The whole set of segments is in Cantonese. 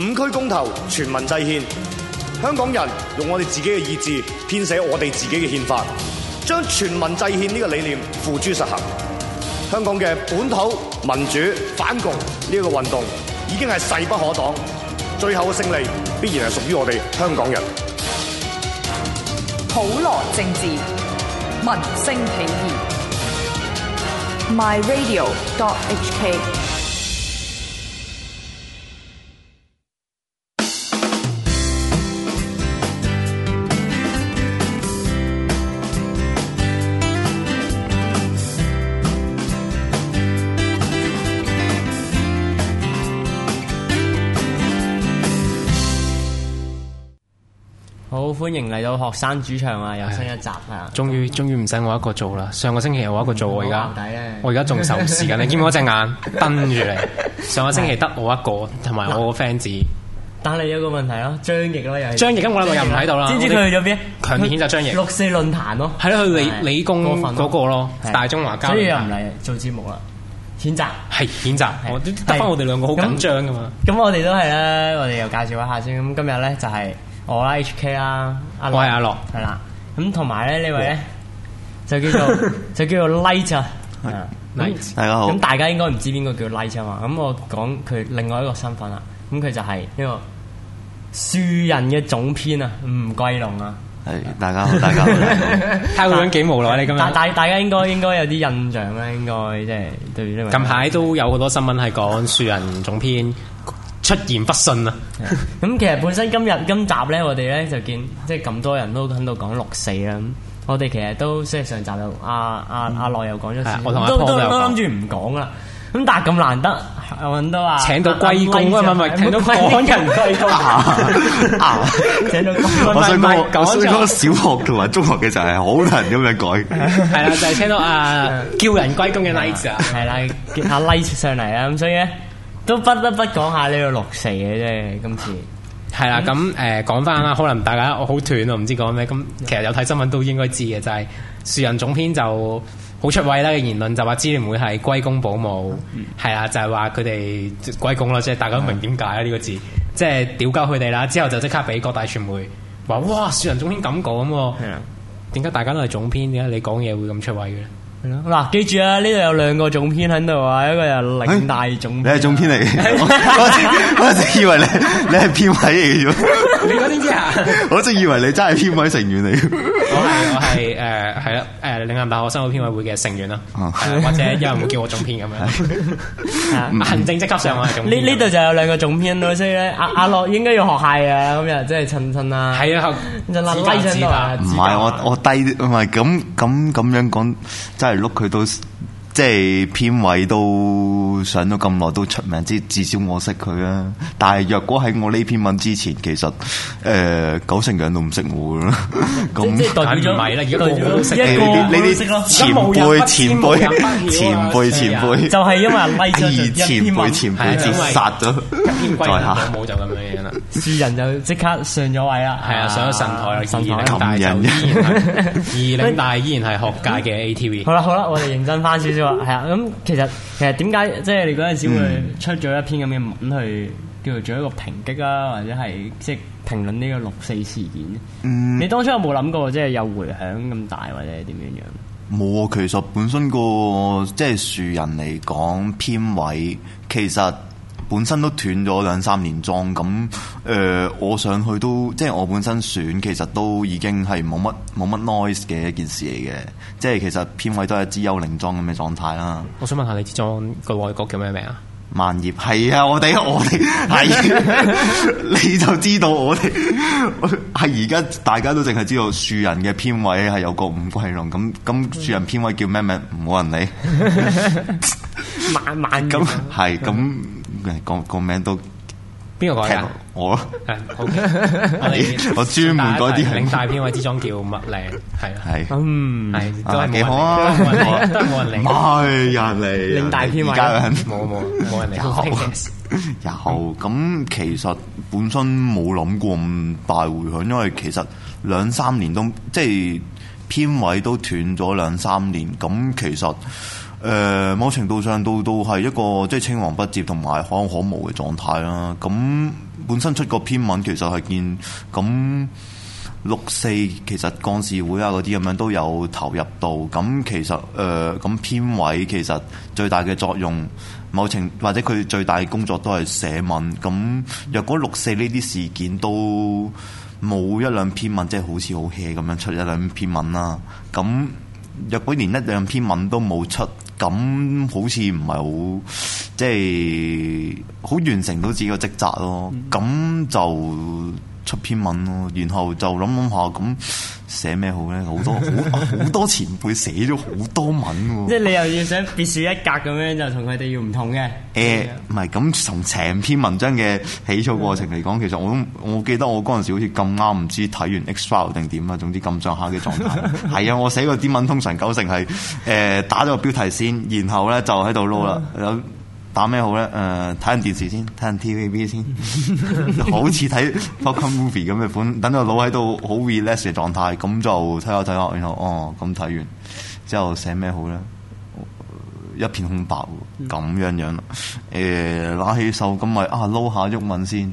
五區公投，全民制憲，香港人用我哋自己嘅意志編寫我哋自己嘅憲法，將全民制憲呢個理念付諸實行。香港嘅本土民主反共呢個運動，已經係勢不可擋，最後嘅勝利必然係屬於我哋香港人。普羅政治，民聲起義。MyRadio dot HK. 好歡迎嚟到學生主場啊！又新一集啊！終於，終於唔使我一個做啦。上個星期我一個做我而家，我而家仲愁時間。你見唔見我隻眼瞪住你？上個星期得我一個同埋我個 fans。但係你有個問題咯，張毅咧又張毅，咁我兩個又唔喺度啦。知唔知佢去咗邊？強烈譴責張毅。六四論壇咯，係咯，去理理工嗰個咯，大中華膠。所以又唔嚟做節目啦？譴責係譴責，得返翻我哋兩個好緊張噶嘛。咁我哋都係啦，我哋又介紹一下先。咁今日咧就係。我啦 H K 啦，啊、阿樂我係阿樂，係啦、嗯，咁同埋咧呢位咧就叫做就叫做 Night 啊，Night，大家好，咁大家應該唔知邊個叫 Night 啊嘛，咁我講佢另外一個身份啦，咁佢就係呢個樹仁嘅總編啊，吳桂龍啊，係 大家好，大家好，睇佢 樣幾無奈、啊、你今日，大 大家應該應該有啲印象啦、啊，應該即係對呢位，近排都有好多新聞係講樹仁總編。 出言不遜啊！咁其實本身今日今集咧，我哋咧就見即係咁多人都喺度講六四啦。我哋其實都即係上集有阿阿阿樂又講咗先，我都都諗住唔講啦。咁但係咁難得，我揾到啊，請到龜公啊！唔係請到歸人龜公啊！請到龜公。我想講，我想講小學同埋中學嘅就係好難咁樣改。係啦，就係聽到啊，叫人龜公嘅 Night 啊，係啦，叫下 Night 上嚟啊，咁所以咧。都不得不講下呢個六四嘅啫，今次係啦。咁誒講翻啦，可能大家我好斷啊，唔知講咩。咁其實有睇新聞都應該知嘅，就係、是、樹仁總編就好出位啦嘅言論，就話支聯會係龜公鴇母，係啊、嗯，就係話佢哋龜公咯，即係大家都明點解呢個字，即係屌鳩佢哋啦。之後就即刻俾各大傳媒話：哇，樹仁總編咁講喎，點解大家都係總編，點解你講嘢會咁出位咧？嗱，記住啊！呢度有兩個總編喺度啊，一個係嶺大總、欸，你係總編嚟嘅，我正以為你你係編委嚟嘅。咗，你先知嚇， 我正以為你真係編委成員嚟嘅。我係誒係啦，誒、嗯、嶺、嗯、南大學生活編委會嘅成員啦，嗯、或者有人會叫我總編咁樣，行政職級上我係總編。呢呢度就有兩個總編，所以咧，阿阿樂應該要學下啊，即趁趁啊，咁又真係親親啦。係啊，就拉低咗啊，唔係我我低唔係咁咁咁樣講真係碌佢都。即係編委都上咗咁耐，都出名，即至少我識佢啦。但係若果喺我呢篇文之前，其實誒九成人都唔識我啦。咁即係代表咗一個呢啲呢啲前輩前輩前輩前輩，就係因為二前輩前輩自殺咗。在下冇就咁樣樣啦。樹仁就即刻上咗位啦，係啊，上咗神台啦，神台領帶就依二領帶依然係學界嘅 ATV。好啦好啦，我哋認真翻少少。係啊，咁、嗯、其實其實點解即係你嗰陣時會出咗一篇咁嘅文去叫做做一個評擊啊，或者係即係評論呢個六四事件咧？嗯、你當初有冇諗過即係有迴響咁大，或者點樣樣？冇啊，其實本身、那個即係樹仁嚟講編委其實。本身都斷咗兩三年莊咁，誒、呃，我上去都即係我本身選，其實都已經係冇乜冇乜 noise 嘅一件事嚟嘅，即係其實編委都係支幽靈莊咁嘅狀態啦。我想問下你，志莊，外國叫咩名啊？萬葉係啊，我哋我哋係， 你就知道我哋係而家大家都淨係知道樹人嘅編委係有個五桂龍咁，咁樹人編委叫咩名？唔好人理， 萬萬咁係咁。講個名都邊個講我咯，O K，我專門嗰啲領大片位之中叫乜靚係啊，係嗯係都係幾好啊！都係冇人領。唔係有人嚟，領大片位冇冇冇人嚟，有有咁其實本身冇諗過咁大回響，因為其實兩三年都即係。編委都斷咗兩三年，咁其實誒、呃、某程度上都都係一個即係青黃不接同埋可有可無嘅狀態啦。咁本身出個篇文其實係見咁六四其實幹事會啊嗰啲咁樣都有投入到，咁其實誒咁、呃、編委其實最大嘅作用，某程或者佢最大嘅工作都係寫文。咁若果六四呢啲事件都冇一兩篇文，即係好似好 hea 咁樣出一兩篇文啦。咁若果連一兩篇文都冇出，咁好似唔係好即係好完成到自己個職責咯。咁就～出篇文咯，然後就諗諗下咁寫咩好咧？好多好好 多前輩寫咗好多文喎，即係你又要想別樹一格咁樣，就同佢哋要唔同嘅。誒、呃，唔係咁從成篇文章嘅起草過程嚟講，嗯、其實我都我記得我嗰陣時好似咁啱，唔知睇完 X file 定點啊，總之咁上下嘅狀態。係 啊，我寫個啲文通常九成係誒、呃、打咗個標題先，然後咧就喺度撈啦。 打咩好咧？誒、呃，睇下電視先，睇下 TVB 先， 好似睇 fuck movie 咁嘅款。等到腦喺度好 relax 嘅狀態，咁就睇下睇下，然後哦，咁睇完之後寫咩好咧、呃？一片空白喎，咁樣樣誒，攞、嗯呃、起手咁咪啊撈下鬱文先。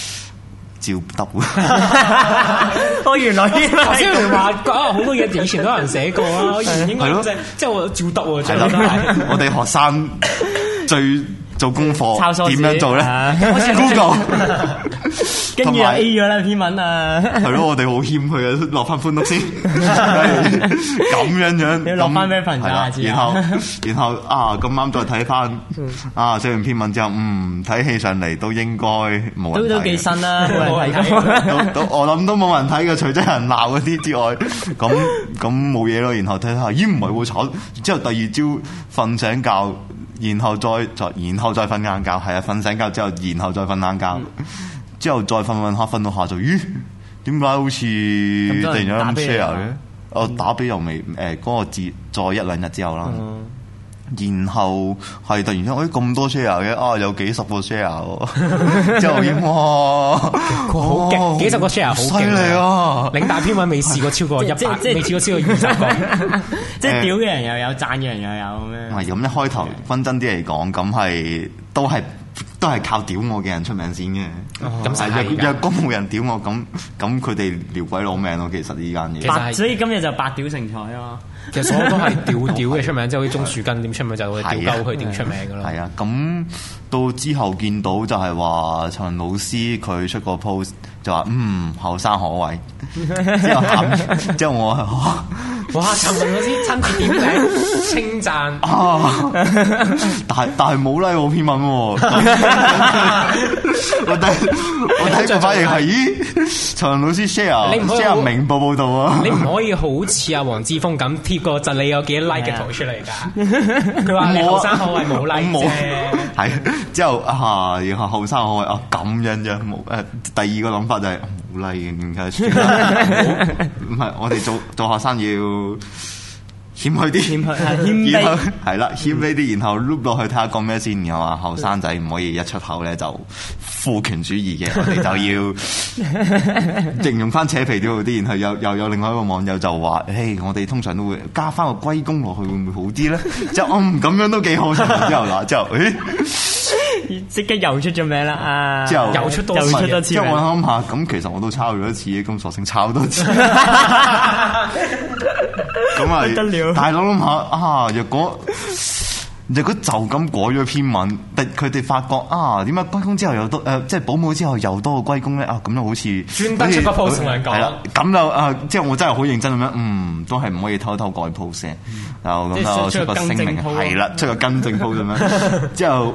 照讀， 我原來先唔話講好多嘢，以前都有人寫過啊，我原來應該即係即係我照讀，我哋學生最。做功課點樣做咧？Google，跟住 A 咗啦篇文啊！係咯， 我哋好欠佢啊。落翻歡樂先。咁 樣樣，你落翻咩份然後，然後啊，咁啱再睇翻啊，寫完篇文之後，嗯，睇戲上嚟都應該冇都都幾新啦，冇 人睇。 我諗都冇人睇嘅，除咗人鬧嗰啲之外，咁咁冇嘢咯。然後睇下，咦唔係會慘？之後，後，後第二朝瞓醒覺。然後再再，然後再瞓晏覺，係啊，瞓醒覺之後，然後再瞓晏覺，之後再瞓瞓下，瞓到下晝，咦？點解好似突然間 share 嘅？我，打畀又未，誒，嗰個節再一兩日之後啦。然後係突然間，哎咁多 share 嘅，啊有幾十個 share，之後點啊？好，幾十個 share 好犀利哦！領大篇位未試過超過一百，即係未試過超過二十個，即係屌嘅人又有，讚嘅人又有咁樣？係咁，一開頭分真啲嚟講，咁係都係都係靠屌我嘅人出名先嘅。咁係若若果冇人屌我，咁咁佢哋撩鬼攞命咯。其實呢間嘢，所以今日就白屌成才啊！其實所有都係屌屌嘅出名，即係好似鍾樹根點出名就去屌鳩佢點出名噶咯。係啊，咁、嗯啊、到之後見到就係話陳老師佢出個 post 就話嗯後生可畏，之後， 之後我哇哇陳老師親自點名稱讚啊？ 但係但係冇拉我篇文，哦。 我第，我第一個反應係，咦？陳老師 share， 你唔 share 明報報道啊！你唔可以好似阿黃之鋒咁貼個就你有幾多 like 嘅圖出嚟噶。佢話你後生可畏冇 like 冇。係之後啊，然後後生可畏啊咁樣樣冇誒，第二個諗法就係、是、冇、啊、like 嘅。唔係， 我哋做做學生要。欠佢啲，謙卑係啦，謙卑啲，然後 loop 落去睇下講咩先，係嘛？後生仔唔可以一出口咧就父權主義嘅，我哋就要形容翻扯皮啲嗰啲。然後又又有另外一個網友就話，誒，我哋通常都會加翻個龜公落去，會唔會好啲咧？即係嗯，咁樣都幾好。之後嗱，之後誒，即刻又出咗名啦！啊，之後又出多，又出多次名。之後諗下，咁其實我都抄咗一次嘅，咁索性抄多次。咁啊！大佬諗下啊，若果若果就咁改咗篇文，但佢哋發覺啊，點解龜公之後又多誒、呃，即係鴇母之後又多個龜公咧啊？咁、嗯、就好似專登出個 post 聲明咁就啊，即係我真係好認真咁樣，嗯，都係唔可以偷偷改 post 嘅、嗯。嗱、嗯，咁就出個聲明，係啦，出個更正 post 咁樣，之後。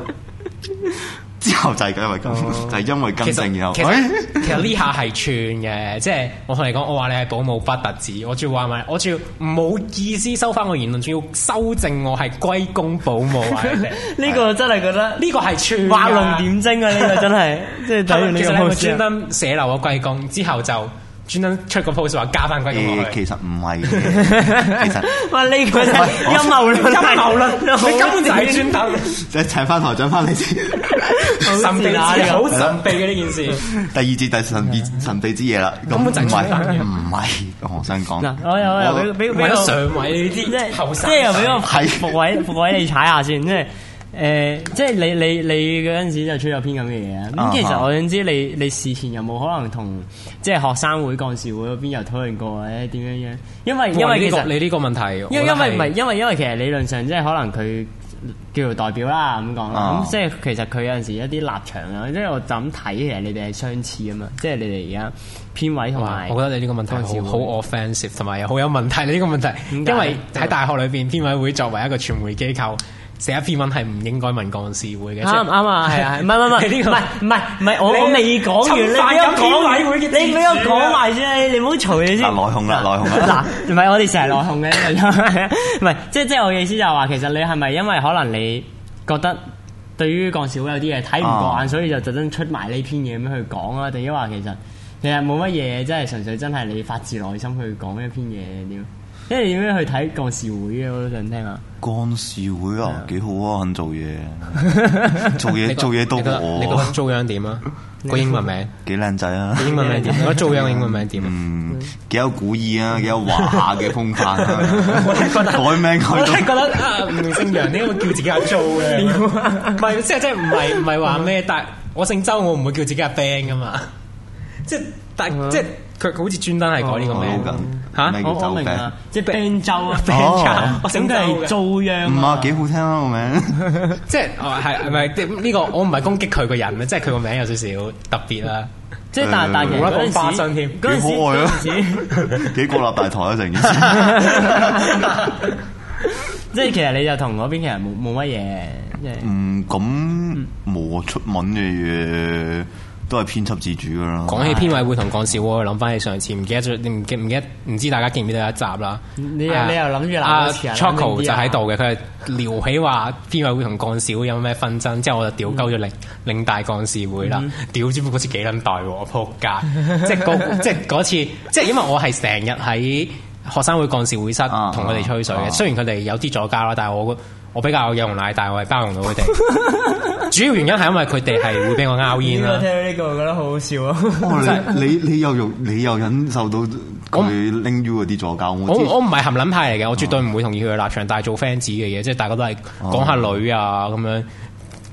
之後就係因為咁，哦、就係因為更正然後。其實呢下係串嘅，即係我同你講，我話你係鴇母不特止，我仲要話埋，我仲要唔好意思收翻個言論，仲要修正我係龜公鴇母。呢 個真係覺得呢 個係串，畫龍點睛啊！呢、這個真係， 即係等於你咁好笑。專登寫漏個龜公之後就。專登出個 p o s e 話加翻佢，肉，其實唔係，其實哇呢句陰謀啦陰謀啦，你根本就係轉頭，再請翻台長翻嚟先，神秘之好神秘嘅呢件事，第二節第神神秘之夜啦，根本唔係唔係學生講，嗱，我又俾俾俾個上位你知，即係後生即係又俾個排副位副位你踩下先，即係。誒、呃，即係你你你嗰陣時就出咗篇咁嘅嘢啊！咁、uh huh. 其實我想知你你事前有冇可能同即係學生會幹事會嗰邊有討論過或者點、呃、樣樣？因為因為其實、這個、你呢個問題，因因為唔係因為因為,因為其實理論上即係可能佢叫做代表啦咁講，咁、uh huh. 即係其實佢有陣時一啲立場啦，即係我就咁睇其實你哋係相似啊嘛！即係你哋而家編委同埋、uh，huh. 我覺得你呢個問題好好 offensive，同埋又好有問題。你呢個問題，因為喺大學裏邊編委會,會作為一個傳媒機構。Uh huh. 寫一篇文係唔應該問幹事會嘅，啱唔啱啊？係啊，唔係唔係唔係唔係唔係，我未講完咧。你又講委會，你你俾我講埋先，你唔好嘈嘢先。內控啦，內控啦。嗱，唔係我哋成日內控嘅，唔係即即我嘅意思就係話，其實你係咪因為可能你覺得對於幹事會有啲嘢睇唔慣，所以就特登出埋呢篇嘢咁去講啊？定抑或其實其實冇乜嘢，即係純粹真係你發自內心去講一篇嘢點？即係點樣去睇幹事會啊，我都想聽下。幹事會啊，幾好啊，肯做嘢，做嘢做嘢多。你覺得做樣點啊？個英文名幾靚仔啊？英文名點？我做樣英文名點啊？幾有古意啊？幾有華夏嘅風範。我係覺得改名改到，我係覺得啊，唔姓楊，點會叫自己阿 Joe 嘅？唔係，即係即係唔係唔係話咩？但我姓周，我唔會叫自己阿 Ben 噶嘛。即係但即係。佢好似專登係改呢個名咁嚇，即係 band 整嘅係造樣。唔係幾好聽啊，個名，即係哦，係唔係呢個？我唔係攻擊佢個人咧，即係佢個名有少少特別啦。即係但但而家講花心添，幾可愛啊。幾國立大台啊成件事，即係其實你就同嗰邊嘅人冇冇乜嘢。即嗯，咁我出問嘅嘢。都係編輯自主噶啦。講起編委會同幹事會，諗翻起上次，唔記，記，記，記得，唔記，唔記得，唔知大家記唔記得一集啦。你又諗住哪次 Choco 就喺度嘅，佢係撩起話編委會同幹事會有咩紛爭，之後我就屌鳩咗領領大幹事會啦，屌之乎嗰次幾撚大喎，仆街！即係嗰即係次，即係因為我係成日喺學生會幹事會室同佢哋吹水嘅，啊啊啊、雖然佢哋有啲助教啦，但係我。我比較有容奶，但是我係包容到佢哋。 主要原因係因為佢哋係會俾我拗煙咯。你聽到呢個覺得好好笑啊、 哦！你你你又容，你又忍受到佢拎住嗰啲左膠。我我唔係含撚派嚟嘅，我絕對唔會同意佢嘅立場。哦、但係做 fans 嘅嘢，即係大家都係講下女啊咁樣，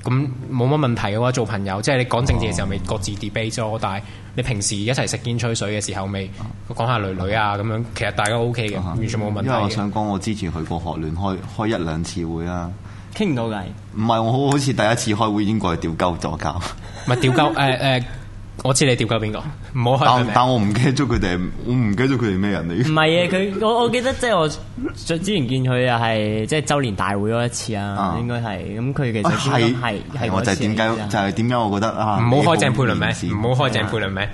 咁冇乜問題嘅話，做朋友。即、就、係、是、你講政治嘅時候，咪、哦、各自 debate 咗。但係你平時一齊食煙吹水嘅時候未？啊、講下女女啊咁樣，其實大家都 O K 嘅，啊、完全冇問題，因為我想講，我之前去過學聯開開一兩次會啦、啊，傾唔到偈。唔係我好似第一次開會已經過嚟吊鳩左交，唔係咪吊鳩誒誒。 呃呃呃我知你調夠邊個，唔好開。但我唔記得咗佢哋，我唔記得咗佢哋咩人嚟。唔係啊，佢我我記得即係我之前見佢又係即係周年大會嗰一次啊，應該係。咁佢其實係係係我就係點解就係點解我覺得啊，唔好開正配倫咩？唔好開正配倫咩？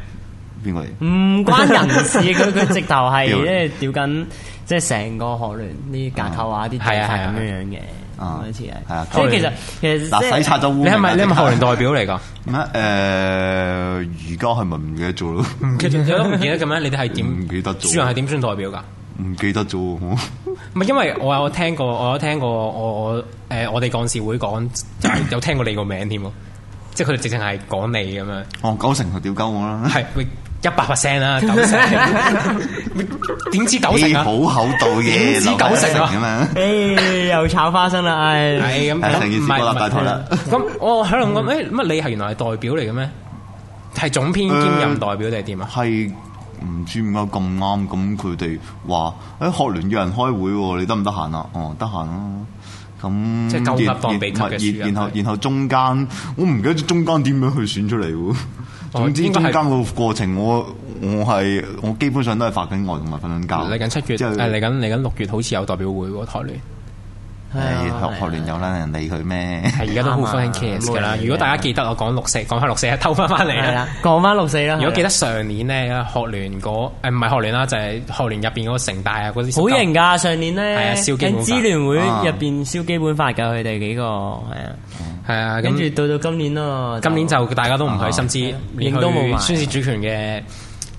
邊個嚟？唔關人事，佢佢直頭係即係調緊，即係成個學聯啲架構啊，啲地位咁樣樣嘅。啊！好似係，係啊！即係、嗯、其實，其實即係你係咪你係後援代表嚟噶？咩？誒、呃，而家係咪唔記得咗咯？其實我都唔記得咁樣，你哋係點？唔記得咗？主人係點選代表噶？唔記得咗？唔、嗯、係因為我有聽過，我有聽過，我我誒，我哋幹事會講，有聽過你個名添，即係佢哋直情係講你咁樣。 哦，九成就屌鳩我啦。係。一百 percent 啦，九成點知九成啊？補口道嘢，點知九成啊？咁啊，誒，又炒花生啦，係咁，唔是不拜託係，咁、嗯、我喺度咁，誒、欸，乜你係原來係代表嚟嘅咩？係總編兼任代表定係點啊？係唔、呃、知點解咁啱，咁佢哋話誒，學聯約人開會、啊，你得唔得閒啊？哦，得閒啊，咁、嗯嗯嗯、即係高級當低級然後然後，然後中間，我唔記得中間點樣去選出嚟。總之，中間個過程，是我我係我基本上都係發緊呆同埋瞓緊覺。嚟緊七月，係嚟緊嚟緊六月，好似有代表會喎台聯。係學學聯有啦，理佢咩？係而家都好 friend 噶啦。如果大家記得我講六四，講翻六四啊，偷翻翻嚟啊，講翻六四啦。如果記得上年咧，學聯嗰誒，唔係學聯啦，就係學聯入邊嗰個城大啊嗰啲，好型噶上年咧，跟支聯會入邊燒基本法噶佢哋幾個係啊，係啊。跟住到到今年咯，今年就大家都唔去，甚至連冇宣示主權嘅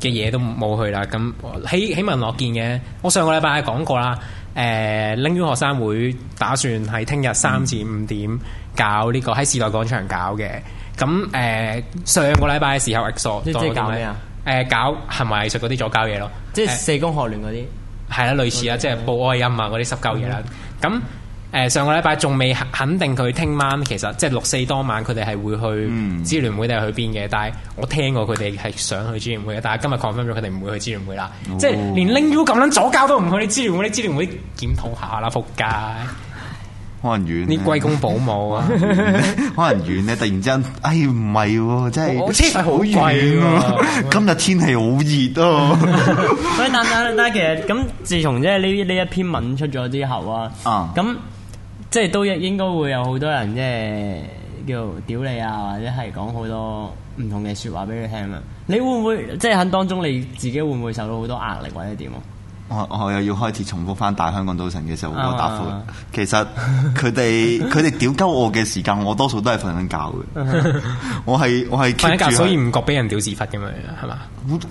嘅嘢，都冇去啦。咁喜喜聞樂見嘅，我上個禮拜講過啦。誒，拎咗、呃、學生會打算喺聽日三至五點搞呢、這個喺、嗯、時代廣場搞嘅。咁誒、呃，上個禮拜嘅時候，exo 即誒搞咩行為藝術嗰啲左膠嘢咯，即係四公學聯嗰啲，係啦、呃，類似啦，即係報哀音啊嗰啲濕鳩嘢啦。咁、嗯。那嗯誒，上個禮拜仲未肯定佢聽晚，其實即係六四當晚佢哋係會去支聯會定係去邊嘅？嗯、但係我聽過佢哋係想去支聯會嘅，但係今日 confirm 咗佢哋唔會去支聯會啦。哦、即係連拎 U 咁撚左膠都唔去，你支聯會，你支聯會檢討下啦，撲街！可能遠，啲，龜公鴇母啊？可能遠咧， 突然之間，哎唔係喎，真係好遠、啊、今日天，天氣好熱咯、啊。 咁但係但係其實咁，自從即係呢呢一篇文出咗之後啊，咁、嗯。即係都應應該會有好多人即係叫屌你啊，或者係講好多唔同嘅說話畀你聽啊！你會唔會即係喺當中你自己會唔會受到好多壓力或者點啊？我我又要開始重複翻大香港早晨嘅時候嗰個、uh oh. 答覆。其實佢哋佢哋屌鳩我嘅時間，我多數都係瞓緊覺嘅。我係我係瞓緊覺，所以唔覺俾人屌屎忽咁樣，係嘛？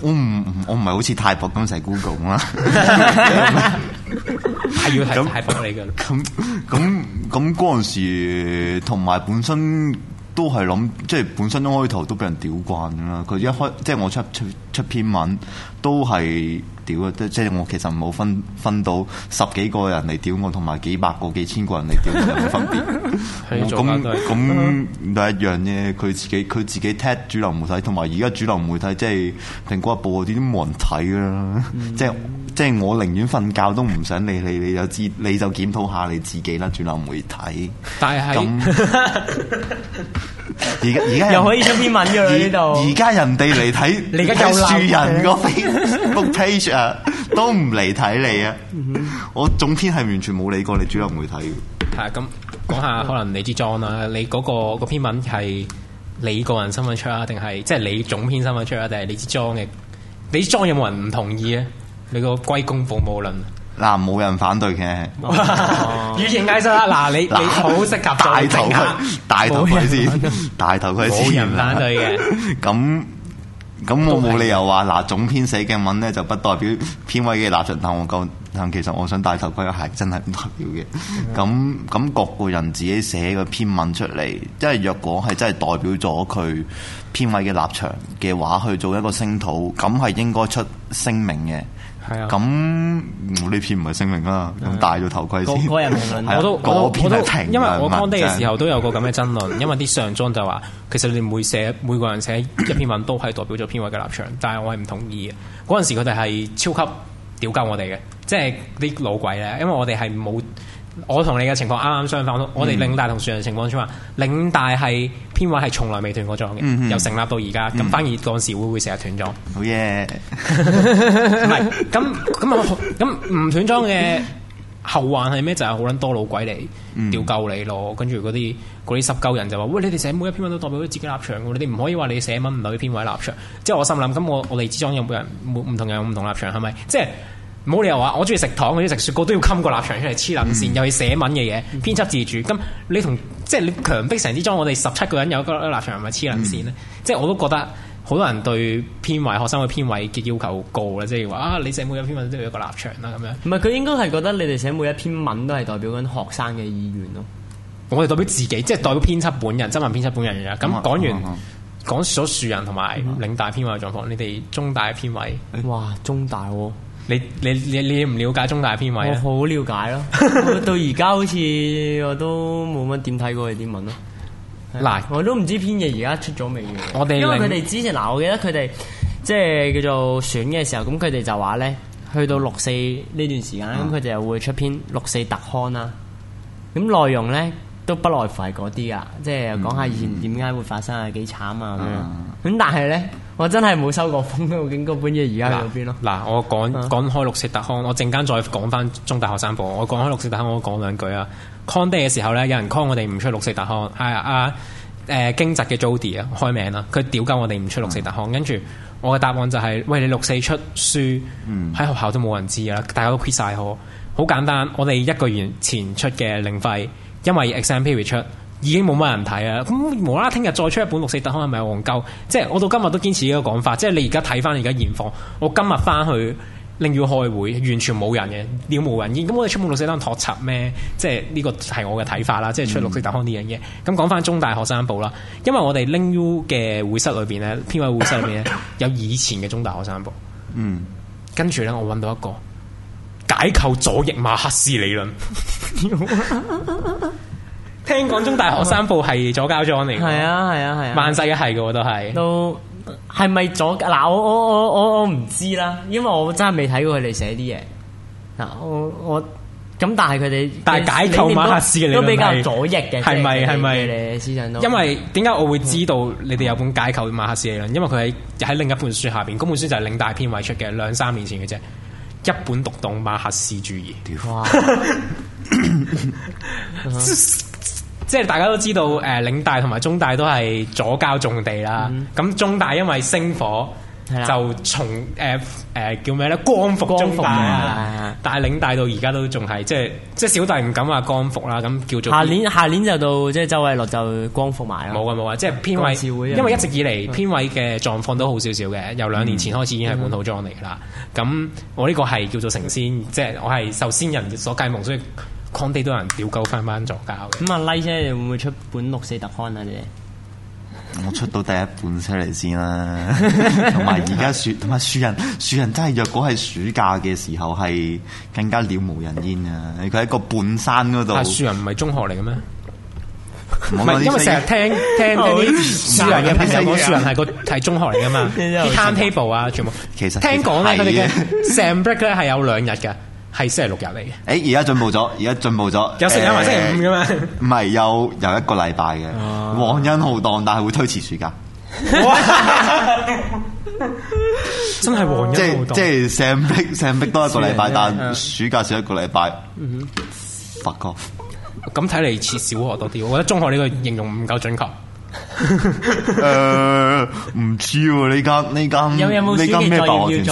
我唔我唔係好似太薄咁成 Google 咁啦。係 要係太薄你嘅。咁咁咁嗰陣時，同埋本身都係諗，即係本身一開頭都俾人屌慣啦。佢一開即係我出出出，出，出篇文，文。都係屌啊！即係我其實冇分分到十幾個人嚟屌我，同埋幾百個、幾千個人嚟屌我有冇分別？咁咁 的樣都一樣啫。佢自己佢自己踢主流媒體，同埋而家主流媒體即係蘋果日報嗰啲都冇人睇啦，嗯。即係即係我寧願瞓覺都唔想理你。你就知你就檢討下你自己啦。主流媒體，但係是咁。那 而而家又可以出篇文噶呢度。而家人哋嚟睇，你而家有樹仁個 Facebook page 啊，都唔嚟睇你啊。Mm hmm. 我總編係完全冇理過你，主要唔會睇。係咁講下，可能你支莊啦，你嗰、嗰個篇文係你個人身份出啊，定係即係你總編身份出啊？定係你支莊嘅？你支莊有冇人唔同意啊？你個龜公鴇母論。嗱，冇人反對嘅。語、哦、 言藝術啦，嗱你，啦你你好適合戴頭盔，戴頭盔先，戴頭盔先。冇人反對嘅。咁咁， 我冇理由話嗱，總編寫嘅文咧就不代表編委嘅立場。但我講，但其實我想戴頭盔嘅真係唔代表嘅。咁咁、嗯，各個人自己寫個篇文出嚟，即係若果係真係代表咗佢編委嘅立場嘅話，去做一個聲討，咁係應該出聲明嘅。.係啊，咁呢篇唔係聲明啊，咁戴住頭盔先。個人評論、啊、我都論我都我都因為我當地嘅時候都有個咁嘅爭論， 因為啲上莊就話，其實你哋每寫每個人寫一篇文都係代表咗編委嘅立場，但係我係唔同意嘅。嗰陣時佢哋係超級屌鳩我哋嘅，即係啲老鬼咧，因為我哋係冇。我同你嘅情況啱啱相反、嗯、我哋領大同樹仁情況出嘛，領大係編委係從來未斷過莊嘅，嗯、哼由成立到而家，咁、嗯、反而嗰陣時會唔會成日斷莊。好嘢害，唔係咁咁咁唔斷莊嘅後患係咩？就係好撚多老鬼嚟屌鳩你咯，跟住嗰啲啲濕鳩人就話，喂，你哋寫每一篇文都代表自己立場嘅，你哋唔可以話你寫文唔代表編委立場。即係我心諗，咁我我哋支莊有冇人唔同人唔同，人同立場係咪？即係。冇理由話、啊、我中意食糖，或者食雪糕都要冚個立場出嚟，黐撚線。嗯、又要寫文嘅嘢，編輯自主。咁你同即係你強迫成支莊我哋十七個人有一個立場係咪黐撚線咧？嗯、即係我都覺得好多人對編委學生嘅編委嘅要求高啦，即係話啊，你寫每一篇文都要有個立場啦，咁樣。唔係佢應該係覺得你哋寫每一篇文都係代表緊學生嘅意願咯。我哋代表自己，即係代表編輯本人，新聞編輯本人嘅。咁講、嗯嗯嗯嗯、完講咗樹仁同埋嶺大編委嘅狀況，你哋中大嘅編委，欸、哇，中大、哦。你你你你唔了解中大嘅編委我好了解咯， 到而家好似我，我都冇乜點睇過佢點文咯。嗱，我都唔知編嘅而家出咗未嘅。我哋因為佢哋之前嗱，我記得佢哋即係叫做選嘅時候，咁佢哋就話咧，去到六四呢段時間，咁佢哋會出篇六四特刊啦。咁內、嗯、容咧都不外乎嗰啲啊，即係講下以前點解會發生慘啊，幾慘啊咁樣。咁但係咧。我真係冇收過風咯，我應該搬咗而家嗰邊咯。嗱，我講講開六四特刊，我陣間再講翻中大學生部。我講開六四特刊，我講兩句、嗯、啊。Con Day 嘅時候咧，有人 call 我哋唔出六四特刊，係啊，誒經濟嘅 Jody 啊，開名啦，佢屌夠我哋唔出六四特刊，跟住我嘅答案就係、是，喂，你六四出書，喺學校都冇人知噶啦，嗯、大家都撇晒可，好簡單，我哋一個月前出嘅領費，因為 XMP 會出。已經冇乜人睇呀，咁無啦啦，聽日再出一本六四特刊係咪戇鳩？即係我到今日都堅持呢個講法，即係你而家睇翻而家現況，我今日翻去拎 u 開會，完全冇人嘅，了無人煙。咁我哋出本六四特刊托插咩？即係呢個係我嘅睇法啦。即係出六四特刊呢樣嘢。咁講翻中大學生報啦，因為我哋 lingu 嘅會室裏邊咧，編委會室裏邊咧，有以前嘅中大學生報。嗯，跟住咧，我搵到一個解構左翼馬克思理論。嗯 聽講中大學生報係左膠裝嚟，係啊係啊係啊，啊啊啊萬世一系嘅我都係。都係咪左？嗱、啊、我我我我我唔知啦，因為我真係未睇過佢哋寫啲嘢。嗱、啊、我我咁但係佢哋，但係解構馬克思嘅，你都比較左翼嘅，係咪係咪咧？因為點解我會知道你哋有本解構馬克思理論？因為佢喺喺另一本書下邊，嗰本書就係領大篇位出嘅，兩三年前嘅啫。一本讀懂馬克思主義。即係大家都知道，誒、呃、領大同埋中大都係左膠重地啦。咁、嗯、中大因為星火，嗯、就從誒誒、呃呃、叫咩咧光，光復，光、嗯、復、嗯、但係領大到而家都仲係，即係即係小弟唔敢話光復啦。咁叫做下年下年就到，即係周偉樂就光復埋啦。冇啊冇啊，即係編委，因為一直以嚟編委嘅狀況都好少少嘅。由兩年前開始已經係本土莊嚟噶啦。咁、嗯嗯、我呢個係叫做成仙，即係我係受仙人所介夢，所以。曠地都有人屌鳩翻翻坐交、嗯，咁啊 Night 你會唔會出本六四特刊啊？啫，我出到第一本出嚟先啦、啊。 同埋而家樹，同埋樹人，樹人真係若果係暑假嘅時候，係更加了無人煙啊！佢喺個半山嗰度。樹人唔係中學嚟嘅咩？唔係 是，因為成日聽 聽啲樹人嘅朋友講，樹人係個係中學嚟噶嘛？啲 t a 啊，全部其實，其實聽講咧，佢哋嘅 s a n 的 break 咧係有兩日嘅。係星期六日嚟嘅。誒、欸，而家進步咗，而家進步咗。有星期一星期五嘅嘛？唔係、呃，有有一個禮拜嘅。啊、皇恩浩蕩，但係會推遲暑假。真係皇恩浩蕩。即係成係成壁多一個禮拜，但暑假少一個禮拜。發覺咁睇嚟似小學多啲，我覺得中學呢個形容唔夠準確。誒，唔知喎呢間呢間呢間咩悼念？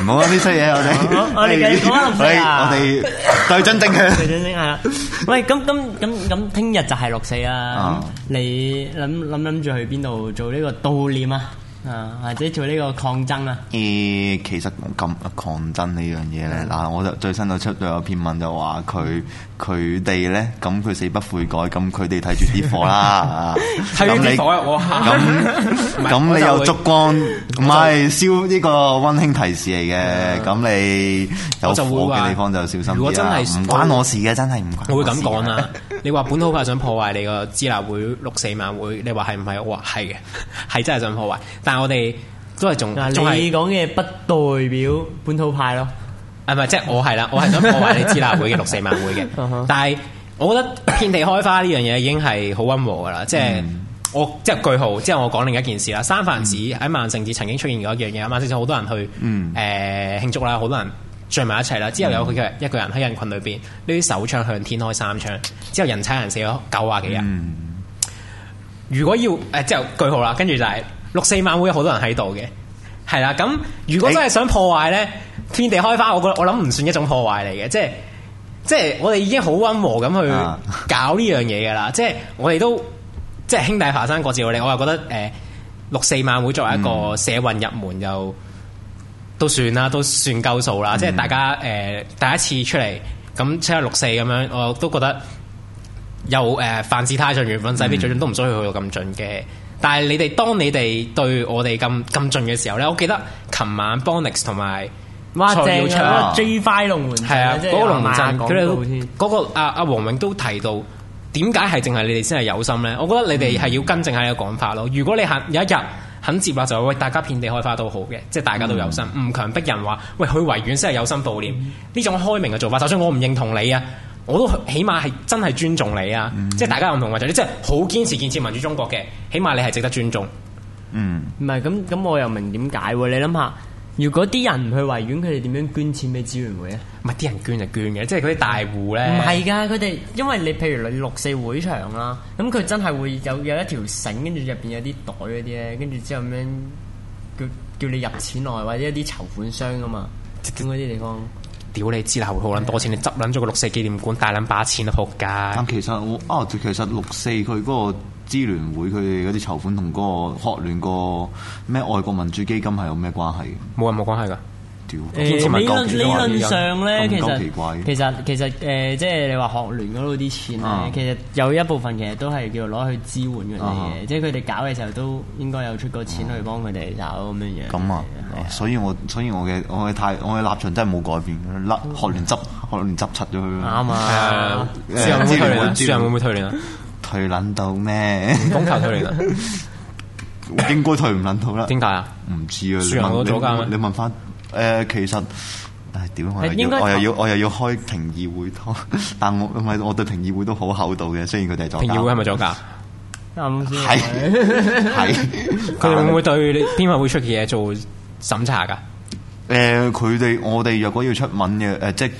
唔好啦，呢出嘢我哋，我哋講下六四啊！我哋再尊敬佢，係啦。喂，咁咁咁咁，聽日就係六四啊！你諗諗諗住去邊度做呢個悼念啊？啊！或者做呢個抗爭啊？誒，其實咁抗爭呢樣嘢咧，嗱，我就最新就出咗一篇文就，就話佢佢哋咧，咁佢死不悔改，咁佢哋睇住啲火啦。睇住咁，咁你有燭光，唔係燒呢個溫馨提示嚟嘅。咁 你有火嘅地方就小心，啊。如果真係唔關我事嘅，真係唔關我。我會咁講啊！你話本土派想破壞你個支那會六四晚會，你話係唔係？哇，係嘅，係真係想破壞。但係我哋都係仲仲係你講嘅，不代表本土派咯。係咪？即、就、係、是、我係啦，我係想破壞你支聯會嘅六四晚會嘅。 但係我覺得遍地開花呢樣嘢已經係好溫和噶啦。即、就、係、是嗯、我即係、就是、句號之後，我講另一件事啦。三藩市喺萬聖節曾經出現過一樣嘢，萬聖節好多人去誒慶、嗯呃、祝啦，好多人聚埋一齊啦。之後有佢嘅一個人喺人群裏邊，呢啲手槍向天開三槍，之後人踩人死咗九啊幾人。嗯、如果要誒即係句號啦，跟住就係、是。六四晚會有好多人喺度嘅，係啦。咁如果真係想破壞咧，欸、天地開花，我覺得我諗唔算一種破壞嚟嘅，即係即係我哋已經好溫和咁去搞呢樣嘢噶啦。即係我哋都即係兄弟爬山各自我哋我又覺得誒、呃，六四晚會作為一個社運入門又、嗯、都算啦，都算夠數啦。嗯、即係大家誒、呃、第一次出嚟咁七六四咁樣，我都覺得又誒、呃，凡事太順緣份，細水最流都唔需要去到咁盡嘅。但係你哋當你哋對我哋咁咁盡嘅時候咧，我記得琴晚 Bonex 同埋蔡耀昌 J5 龍門，係啊嗰個龍門陣，佢哋嗰個阿阿黃永都提到，點解係淨係你哋先係有心咧？我覺得你哋係要跟正下個講法咯。如果你肯有一日肯接話就喂，大家遍地開花都好嘅，即係大家都有心，唔強逼人話喂，去維園先係有心悼念呢種開明嘅做法。就算我唔認同你。啊。我都起碼係真係尊重你啊！Mm hmm. 即係大家唔同嘅就，你真係好堅持建設民主中國嘅，起碼你係值得尊重。嗯、mm，唔係咁咁，我又明點解喎？你諗下，如果啲人唔去維園，佢哋點樣捐錢俾支援會啊？唔係啲人捐就捐嘅，即係嗰啲大戶咧。唔係㗎，佢哋因為你譬如你六四會場啦，咁佢真係會有有一條繩，跟住入邊有啲袋嗰啲咧，跟住之後咁樣叫叫你入錢來，或者一啲籌款箱啊嘛，咁嗰啲地方。即屌你支喉好撚多錢，你執撚咗個六四紀念館，大捻把錢都撲街。但其實我啊、哦，其實六四佢嗰個支聯會，佢哋嗰啲籌款同嗰個學聯個咩外國民主基金係有咩關係？冇人冇關係噶。誒，理論理論上咧，其實其實其實誒，即係你話學聯嗰度啲錢咧，其實有一部分其實都係叫攞去支援嗰啲嘢，即係佢哋搞嘅時候都應該有出過錢去幫佢哋搞咁樣嘢。咁啊，所以我所以我嘅我嘅態我嘅立場真係冇改變嘅，甩學聯執學聯執出咗去啱啊，之後會唔會退啊？之後會唔會退聯啊？退捻到咩？公投退聯啦，應該退唔捻到啦。點解啊？唔知啊，你問你問翻。誒、呃，其實誒，屌我又要我又要我又要開評議會拖，但我唔係我對評議會都好厚道嘅，雖然佢哋係作假。評議會係咪作假？啱先係係。佢哋會唔會對你編委 會出嘅嘢做審查噶？誒、呃，佢哋我哋若果要出文嘅，誒、呃，即係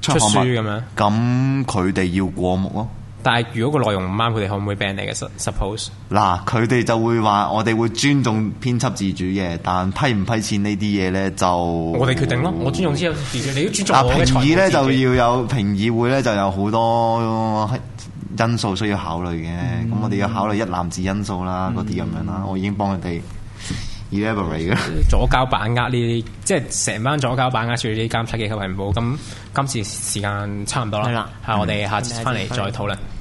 出，出書嘅咩？咁佢哋要過目咯。但係如果個內容唔啱，佢哋可唔可以 ban 你嘅？Suppose 嗱，佢哋就會話我哋會尊重編輯自主嘅，但批唔批錢呢啲嘢咧就我哋決定咯。我尊重啲嘢，你要尊重我嘅。啊，評議咧就要有評議會咧，就有好多、呃、因素需要考慮嘅。咁、嗯、我哋要考慮一籃子因素啦，嗰啲咁樣啦。我已經幫佢哋 elaborate 咗，左交板壓呢啲，即係成班左交板壓住啲監察機構唔好。咁今次時間差唔多啦，係啦吧，係我哋下次翻嚟再討論。嗯